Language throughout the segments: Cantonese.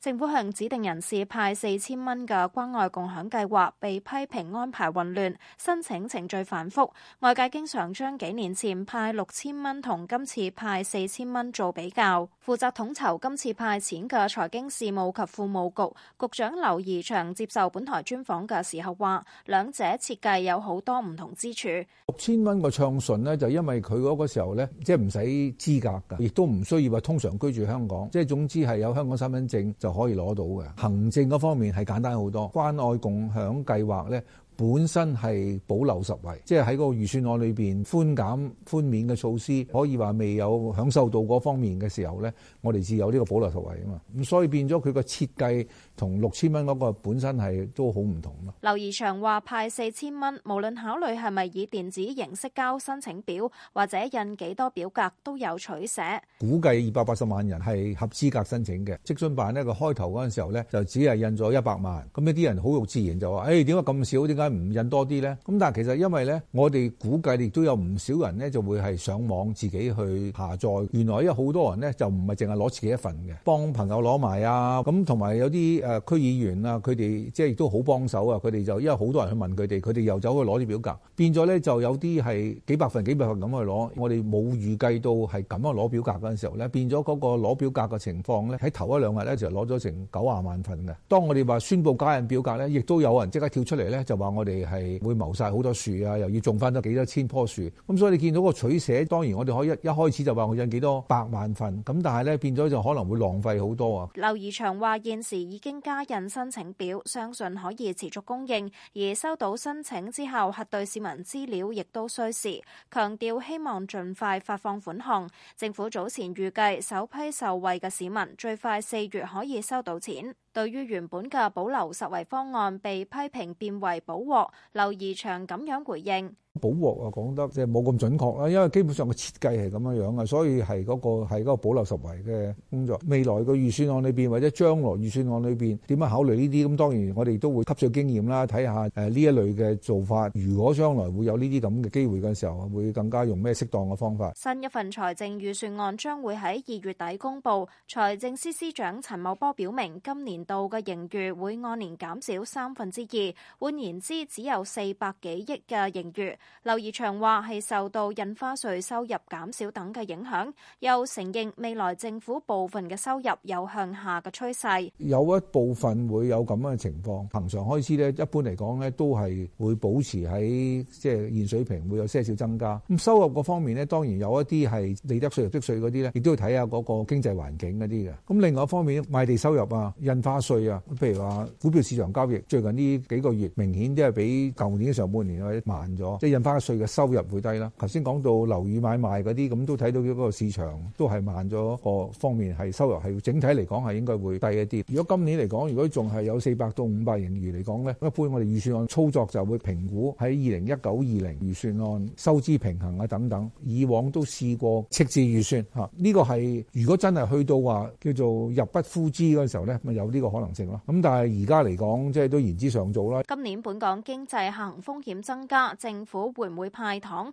政府向指定人士派四千蚊嘅關愛共享計劃被批評安排混亂、申請程序繁複，外界經常將幾年前派六千蚊同今次派四千蚊做比較。負責統籌今次派錢嘅財經事務及庫務局局，局長劉怡翔接受本台專訪嘅時候話，兩者設計有好多唔同之處。六千蚊個暢順咧，就因為，佢嗰個時候咧，即係唔使資格噶，亦都唔需要話通常居住香港，即係總之係有香港身份證。可以攞到嘅行政嗰方面係簡單好多，關愛共享計劃咧。本身係保留十位，即係喺嗰個預算案裏邊寬減寬免嘅措施，可以話未有享受到嗰方面嘅時候咧，我哋自有呢個保留十位啊嘛。咁所以變咗佢個設計同六千蚊嗰個本身係都好唔同咯。劉怡翔話派四千蚊，無論考慮係咪以電子形式交申請表或者印幾多表格都有取捨。估計二百八十萬人係合資格申請嘅，職津辦呢個開頭嗰陣時候咧就只係印咗一百萬，咁啲人好肉自然就話，誒點解咁少？點解？唔印多啲咧，咁但係其實因為咧，我哋估計亦都有唔少人咧，就會係上網自己去下載。原來因為好多人咧就唔係淨係攞自己一份嘅，幫朋友攞埋啊。咁同埋有啲誒區議員啊，佢哋即係亦都好幫手啊。佢哋就因為好多人去問佢哋，佢哋又走去攞啲表格，變咗咧就有啲係幾百份、幾百份咁去攞。我哋冇預計到係咁去攞表格嗰陣時候咧，變咗嗰個攞表格嘅情況咧，喺頭一兩日咧就攞咗成九十萬份嘅。當我哋話宣佈加印表格咧，亦都有人即刻跳出嚟咧就話。我哋係會謀殺好多樹啊，又要種翻多幾多千棵樹，咁所以你見到個取捨，當然我哋可以一開始就話我印幾多百萬份，咁但係咧變咗就可能會浪費好多啊。劉怡翔話：現時已經加印申請表，相信可以持續供應，而收到申請之後核對市民資料亦都需時，強調希望盡快發放款項。政府早前預計首批受惠嘅市民最快四月可以收到錢。對於原本嘅保留實惠方案被批評變為補鑊，劉怡翔咁樣回應。保獲啊，講得即係冇咁準確啦，因為基本上個設計係咁樣樣嘅，所以係嗰個係嗰個保留十圍嘅工作。未來個預算案裡面或者將來預算案裡面點樣考慮呢啲咁？當然我哋都會吸取經驗啦睇下呢一類嘅做法如果將來會有呢啲咁嘅機會嘅時候會更加用咩適當嘅方法新一份財政預算案將會喺2月底公佈。財政司司長陳茂波表明今年度嘅盈餘會按年減少三分之二，換言之，只有四百幾億嘅盈餘。劉怡翔話係受到印花稅收入減少等嘅影響，又承認未來政府部分嘅收入有向下嘅趨勢。有一部分會有咁樣嘅情況，平常開支咧，一般嚟講咧都係會保持喺即係現水平，會有些少增加。咁收入嗰方面咧，當然有一啲係利得稅、積稅嗰啲咧，亦都要睇下嗰個經濟環境嗰啲嘅。咁另外一方面，賣地收入啊、印花稅啊，譬如話股票市場交易，最近呢幾個月明顯都係比舊年上半年或者慢咗。印花稅嘅收入會低啦。頭先講到樓宇買賣嗰啲，咁都睇到佢個市場都係慢咗個方面，係收入係整體嚟講係應該會低一啲。如果今年嚟講，如果仲係有四百到五百盈餘嚟講咧，一般我哋預算案操作就會評估喺二零一九二零預算案收支平衡啊等等。以往都試過赤字預算吓，呢、啊，這個係如果真係去到話叫做入不敷支嗰個時候咧，咪有呢個可能性咯。咁但係而家嚟講，即係都言之尚早啦。今年本港經濟行風險增加，政府會唔會派糖？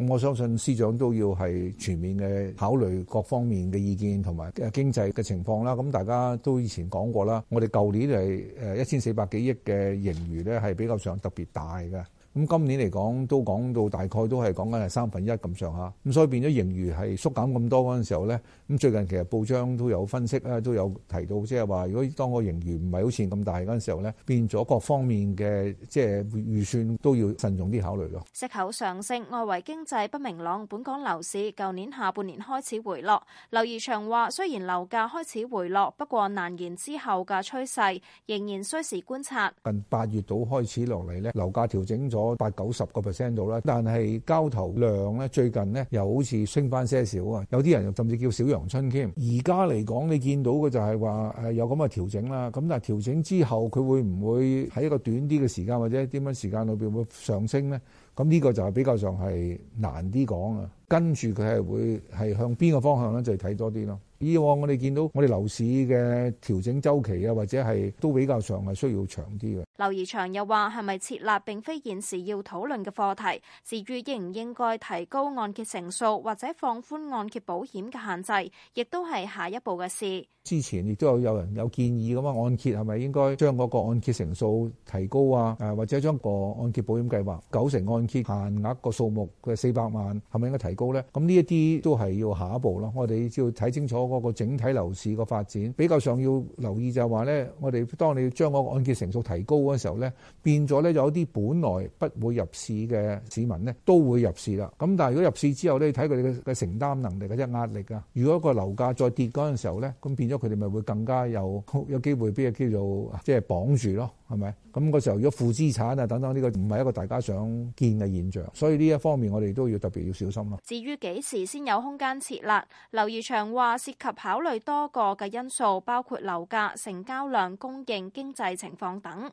咁我相信司長都要係全面嘅考慮各方面嘅意見同埋經濟嘅情況啦。咁大家都以前講過啦，我哋舊年係誒一千四百幾億嘅盈餘咧，係比較上特別大嘅。咁今年嚟講都講到大概都係講緊係三分一咁上下，咁所以變咗盈餘係縮減咁多嗰陣時候咧，咁最近其實報章都有分析啦，都有提到即係話，如果當個盈餘唔係好似咁大嗰陣時候咧，變咗各方面嘅即係預算都要慎重啲考慮咯。息口上升，外圍經濟不明朗，本港樓市舊年下半年開始回落。劉怡翔話：雖然樓價開始回落，不過難言之後嘅趨勢仍然需時觀察。近八月度開始落嚟咧，樓價調整咗。我八九十個 percent 度啦，但係交投量咧最近咧又好似升翻些少啊，有啲人甚至叫小陽春添。而家嚟講，你見到嘅就係話係有咁嘅調整啦。咁但係調整之後，佢會唔會喺一個短啲嘅時間或者點樣時間裏邊會上升咧？咁呢個就係比較上係難啲講啊。跟住佢係會係向邊個方向咧，就睇多啲咯。以往我哋見到我哋樓市嘅調整周期啊，或者係都比較長，係需要長啲嘅。劉怡翔又話：係咪設立並非現時要討論嘅課題？至於應唔應該提高按揭成數或者放寬按揭保險嘅限制，亦都係下一步嘅事。之前亦都有有人有建議咁啊，按揭係咪應該將嗰個按揭成數提高啊？誒或者將個按揭保險計劃九成按揭限額個數目嘅四百萬，係咪應該提高咧？咁呢一啲都係要下一步囉。我哋只要睇清楚。個、那個整體樓市個發展比較上要留意就係話咧，我哋當你將個按揭成數提高嗰時候咧，變咗咧有啲本來不會入市嘅市民咧都會入市啦。咁但係如果入市之後咧，睇佢哋嘅嘅承擔能力或者壓力啊。如果個樓價再跌嗰陣時候咧，咁變咗佢哋咪會更加有有機會俾人叫做即係綁住咯。係咪咁？嗰時候如果負資產啊等等呢、這個唔係一個大家想見嘅現象，所以呢一方面我哋都要特別要小心咯。至於幾時先有空間設立，劉怡翔話涉及考慮多個嘅因素，包括樓價、成交量、供應、經濟情況等。